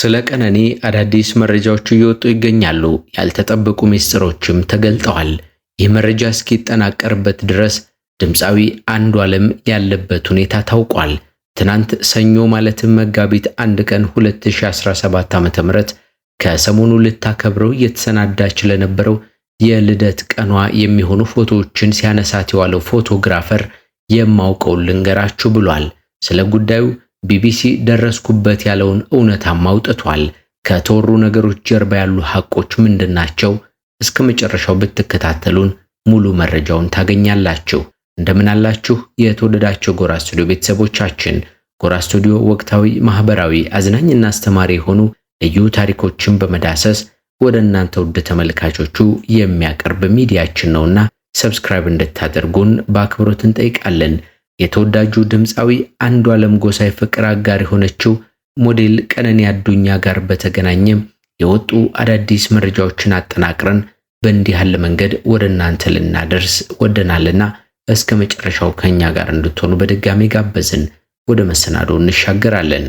ስለ ቀነኒ አዳዲስ መረጃዎች እየወጡ ይገኛሉ። ያልተጠበቁ ምስጢሮችም ተገልጠዋል። ይህ መረጃ እስኪጠናቀርበት ድረስ ድምፃዊ አንዷለም ያለበት ሁኔታ ታውቋል። ትናንት ሰኞ ማለትም መጋቢት አንድ ቀን 2017 ዓ.ም ከሰሞኑ ልታከብረው እየተሰናዳች ለነበረው የልደት ቀኗ የሚሆኑ ፎቶዎችን ሲያነሳት የዋለው ፎቶግራፈር የማውቀው ልንገራችሁ ብሏል። ስለ ጉዳዩ ቢቢሲ ደረስኩበት ያለውን እውነታም አውጥቷል። ከተወሩ ነገሮች ጀርባ ያሉ ሐቆች ምንድናቸው? እስከ መጨረሻው ብትከታተሉን ሙሉ መረጃውን ታገኛላችሁ። እንደምን አላችሁ የተወደዳችሁ ጎራ ስቱዲዮ ቤተሰቦቻችን። ጎራ ስቱዲዮ ወቅታዊ፣ ማህበራዊ፣ አዝናኝና አስተማሪ የሆኑ ልዩ ታሪኮችን በመዳሰስ ወደ እናንተ ውድ ተመልካቾቹ የሚያቀርብ ሚዲያችን ነውና ሰብስክራይብ እንድታደርጉን በአክብሮት እንጠይቃለን። የተወዳጁ ድምፃዊ አንዷለም ጎሳይ ፍቅር አጋር የሆነችው ሞዴል ቀነኒ አዱኛ ጋር በተገናኘ የወጡ አዳዲስ መረጃዎችን አጠናቅረን በእንዲህ ያለ መንገድ ወደ እናንተ ልናደርስ ወደናልና እስከ መጨረሻው ከኛ ጋር እንድትሆኑ በድጋሚ ጋበዝን። ወደ መሰናዶ እንሻገራለን።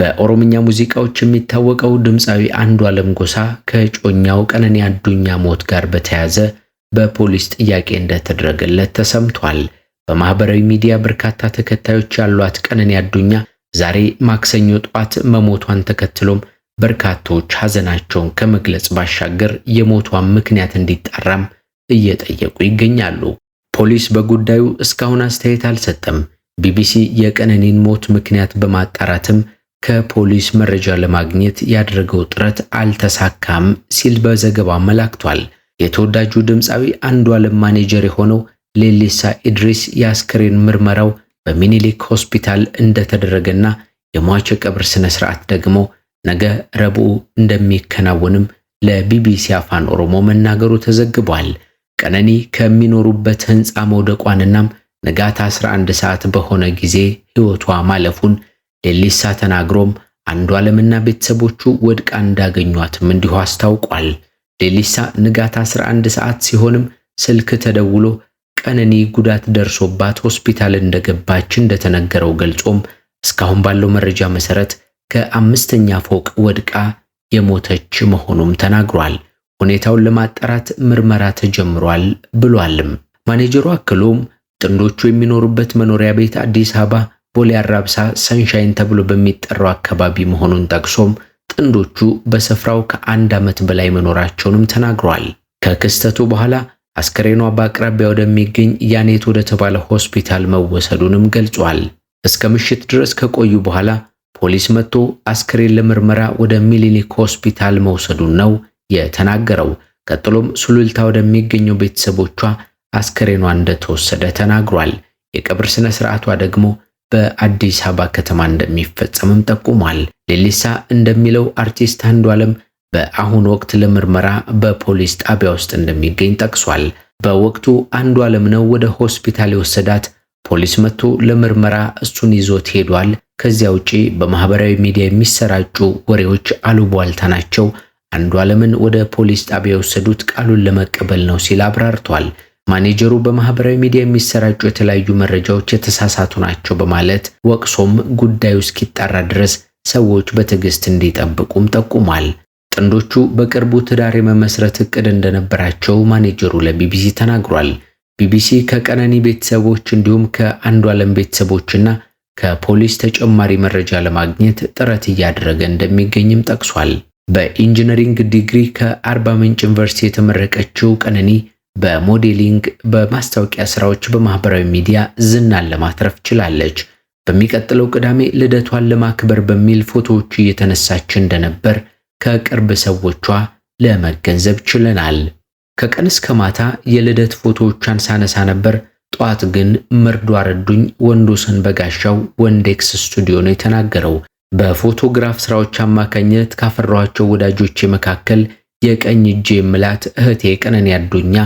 በኦሮምኛ ሙዚቃዎች የሚታወቀው ድምፃዊ አንዱዓለም ጎሳ ከእጮኛው ቀነኒ አዱኛ ሞት ጋር በተያያዘ በፖሊስ ጥያቄ እንደተደረገለት ተሰምቷል። በማህበራዊ ሚዲያ በርካታ ተከታዮች ያሏት ቀነኒ አዱኛ ዛሬ ማክሰኞ ጠዋት መሞቷን ተከትሎም በርካቶች ሐዘናቸውን ከመግለጽ ባሻገር የሞቷን ምክንያት እንዲጣራም እየጠየቁ ይገኛሉ። ፖሊስ በጉዳዩ እስካሁን አስተያየት አልሰጠም። ቢቢሲ የቀነኒን ሞት ምክንያት በማጣራትም ከፖሊስ መረጃ ለማግኘት ያደረገው ጥረት አልተሳካም ሲል በዘገባ አመላክቷል። የተወዳጁ ድምፃዊ አንዷለም ማኔጀር የሆነው ሌሊሳ ኢድሪስ የአስክሬን ምርመራው በሚኒሊክ ሆስፒታል እንደተደረገና የሟች ቀብር ስነ ስርዓት ደግሞ ነገ ረቡዕ እንደሚከናወንም ለቢቢሲ አፋን ኦሮሞ መናገሩ ተዘግቧል። ቀነኒ ከሚኖሩበት ህንፃ መውደቋንናም ንጋት 11 ሰዓት በሆነ ጊዜ ህይወቷ ማለፉን ሌሊሳ ተናግሮም አንዱ ዓለምና ቤተሰቦቹ ወድቃ እንዳገኟትም እንዲሁ አስታውቋል። ሌሊሳ ንጋት 11 ሰዓት ሲሆንም ስልክ ተደውሎ ቀነኒ ጉዳት ደርሶባት ሆስፒታል እንደገባች እንደተነገረው ገልጾም እስካሁን ባለው መረጃ መሰረት ከአምስተኛ ፎቅ ወድቃ የሞተች መሆኑም ተናግሯል። ሁኔታውን ለማጣራት ምርመራ ተጀምሯል ብሏልም። ማኔጀሩ አክሎም ጥንዶቹ የሚኖሩበት መኖሪያ ቤት አዲስ አበባ ቦሌ አራብሳ ሰንሻይን ተብሎ በሚጠራው አካባቢ መሆኑን ጠቅሶም ጥንዶቹ በስፍራው ከአንድ ዓመት በላይ መኖራቸውንም ተናግሯል። ከክስተቱ በኋላ አስከሬኗ በአቅራቢያ ወደሚገኝ ያኔት ወደ ተባለ ሆስፒታል መወሰዱንም ገልጿል። እስከ ምሽት ድረስ ከቆዩ በኋላ ፖሊስ መጥቶ አስከሬን ለምርመራ ወደ ሚሊኒክ ሆስፒታል መውሰዱን ነው የተናገረው። ቀጥሎም ሱሉልታ ወደሚገኘው ቤተሰቦቿ አስከሬኗ እንደተወሰደ ተናግሯል። የቀብር ስነ ስርዓቷ ደግሞ በአዲስ አበባ ከተማ እንደሚፈጸምም ጠቁሟል። ሌሊሳ እንደሚለው አርቲስት አንዷለም በአሁኑ ወቅት ለምርመራ በፖሊስ ጣቢያ ውስጥ እንደሚገኝ ጠቅሷል። በወቅቱ አንዷለም ነው ወደ ሆስፒታል የወሰዳት። ፖሊስ መጥቶ ለምርመራ እሱን ይዞት ሄዷል። ከዚያ ውጪ በማህበራዊ ሚዲያ የሚሰራጩ ወሬዎች አሉቧልታ ናቸው። አንዷለምን ወደ ፖሊስ ጣቢያ የወሰዱት ቃሉን ለመቀበል ነው ሲል አብራርቷል። ማኔጀሩ በማህበራዊ ሚዲያ የሚሰራጩ የተለያዩ መረጃዎች የተሳሳቱ ናቸው በማለት ወቅሶም ጉዳዩ እስኪጣራ ድረስ ሰዎች በትዕግስት እንዲጠብቁም ጠቁሟል። ጥንዶቹ በቅርቡ ትዳር የመመስረት እቅድ እንደነበራቸው ማኔጀሩ ለቢቢሲ ተናግሯል። ቢቢሲ ከቀነኒ ቤተሰቦች እንዲሁም ከአንዷለም ቤተሰቦችና ከፖሊስ ተጨማሪ መረጃ ለማግኘት ጥረት እያደረገ እንደሚገኝም ጠቅሷል። በኢንጂነሪንግ ዲግሪ ከአርባ ምንጭ ዩኒቨርሲቲ የተመረቀችው ቀነኒ በሞዴሊንግ፣ በማስታወቂያ ስራዎች፣ በማህበራዊ ሚዲያ ዝናን ለማትረፍ ችላለች። በሚቀጥለው ቅዳሜ ልደቷን ለማክበር በሚል ፎቶዎቹ እየተነሳች እንደነበር ከቅርብ ሰዎቿ ለመገንዘብ ችለናል። ከቀን እስከ ማታ የልደት ፎቶዎቿን ሳነሳ ነበር። ጠዋት ግን መርዶ አረዱኝ ወንዶሰን በጋሻው ወንዴክስ ስቱዲዮ ነው የተናገረው። በፎቶግራፍ ስራዎች አማካኝነት ካፈራኋቸው ወዳጆቼ መካከል የቀኝ እጄ ምላት እህቴ ቀነኒ አዱኛ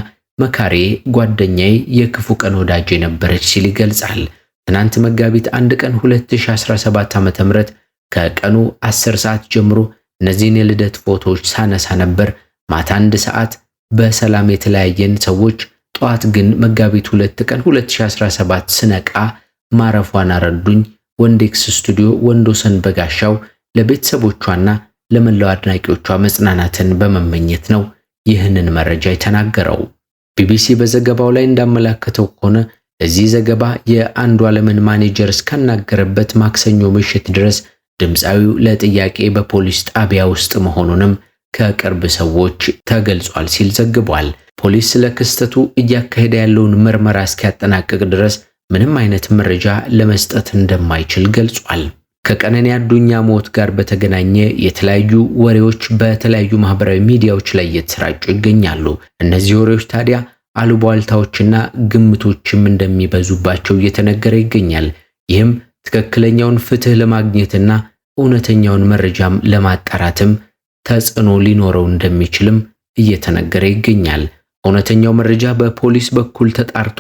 መካሬ ጓደኛዬ፣ የክፉ ቀን ወዳጅ የነበረች ሲል ይገልጻል። ትናንት መጋቢት አንድ ቀን 2017 ዓ.ም ከቀኑ 10 ሰዓት ጀምሮ እነዚህን የልደት ፎቶዎች ሳነሳ ነበር። ማታ አንድ ሰዓት በሰላም የተለያየን ሰዎች፣ ጠዋት ግን መጋቢት 2 ቀን 2017 ስነቃ ማረፏን አረዱኝ ወንዴክስ ስቱዲዮ ወንዶሰን በጋሻው ለቤተሰቦቿና ለመላው አድናቂዎቿ መጽናናትን በመመኘት ነው ይህንን መረጃ የተናገረው። ቢቢሲ በዘገባው ላይ እንዳመላከተው ከሆነ ለዚህ ዘገባ የአንዱ ዓለምን ማኔጀር እስካናገረበት ማክሰኞ ምሽት ድረስ ድምፃዊው ለጥያቄ በፖሊስ ጣቢያ ውስጥ መሆኑንም ከቅርብ ሰዎች ተገልጿል ሲል ዘግቧል። ፖሊስ ስለ ክስተቱ እያካሄደ ያለውን ምርመራ እስኪያጠናቅቅ ድረስ ምንም አይነት መረጃ ለመስጠት እንደማይችል ገልጿል። ከቀነኒ አዱኛ ሞት ጋር በተገናኘ የተለያዩ ወሬዎች በተለያዩ ማህበራዊ ሚዲያዎች ላይ እየተሰራጩ ይገኛሉ። እነዚህ ወሬዎች ታዲያ አሉባልታዎችና ግምቶችም እንደሚበዙባቸው እየተነገረ ይገኛል። ይህም ትክክለኛውን ፍትህ ለማግኘትና እውነተኛውን መረጃም ለማጣራትም ተጽዕኖ ሊኖረው እንደሚችልም እየተነገረ ይገኛል። እውነተኛው መረጃ በፖሊስ በኩል ተጣርቶ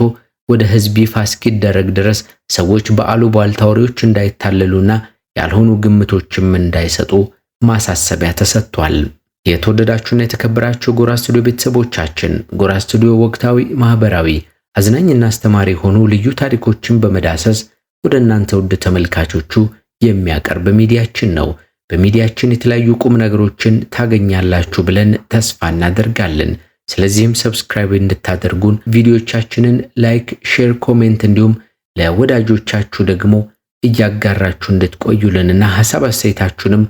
ወደ ህዝብ ይፋ እስኪደረግ ድረስ ሰዎች በአሉባልታ ወሬዎች እንዳይታለሉና ያልሆኑ ግምቶችም እንዳይሰጡ ማሳሰቢያ ተሰጥቷል። የተወደዳችሁና የተከበራችሁ ጎራ ስቱዲዮ ቤተሰቦቻችን፣ ጎራ ስቱዲዮ ወቅታዊ፣ ማህበራዊ፣ አዝናኝና አስተማሪ የሆኑ ልዩ ታሪኮችን በመዳሰስ ወደ እናንተ ውድ ተመልካቾቹ የሚያቀርብ ሚዲያችን ነው። በሚዲያችን የተለያዩ ቁም ነገሮችን ታገኛላችሁ ብለን ተስፋ እናደርጋለን። ስለዚህም ሰብስክራይብ እንድታደርጉን ቪዲዮቻችንን ላይክ፣ ሼር፣ ኮሜንት እንዲሁም ለወዳጆቻችሁ ደግሞ እያጋራችሁ እንድትቆዩልንና ሐሳብ አስተያየታችሁንም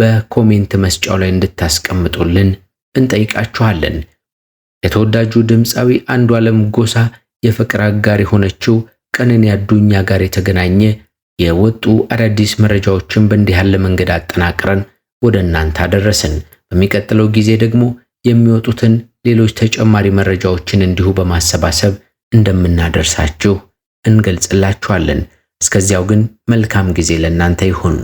በኮሜንት መስጫው ላይ እንድታስቀምጡልን እንጠይቃችኋለን። ከተወዳጁ ድምፃዊ አንዱ ዓለም ጎሳ የፍቅር አጋር የሆነችው ቀነኒ አዱኛ ጋር የተገናኘ የወጡ አዳዲስ መረጃዎችን በእንዲህ ያለ መንገድ አጠናቅረን ወደ እናንተ አደረስን። በሚቀጥለው ጊዜ ደግሞ የሚወጡትን ሌሎች ተጨማሪ መረጃዎችን እንዲሁ በማሰባሰብ እንደምናደርሳችሁ እንገልጽላችኋለን። እስከዚያው ግን መልካም ጊዜ ለእናንተ ይሁን።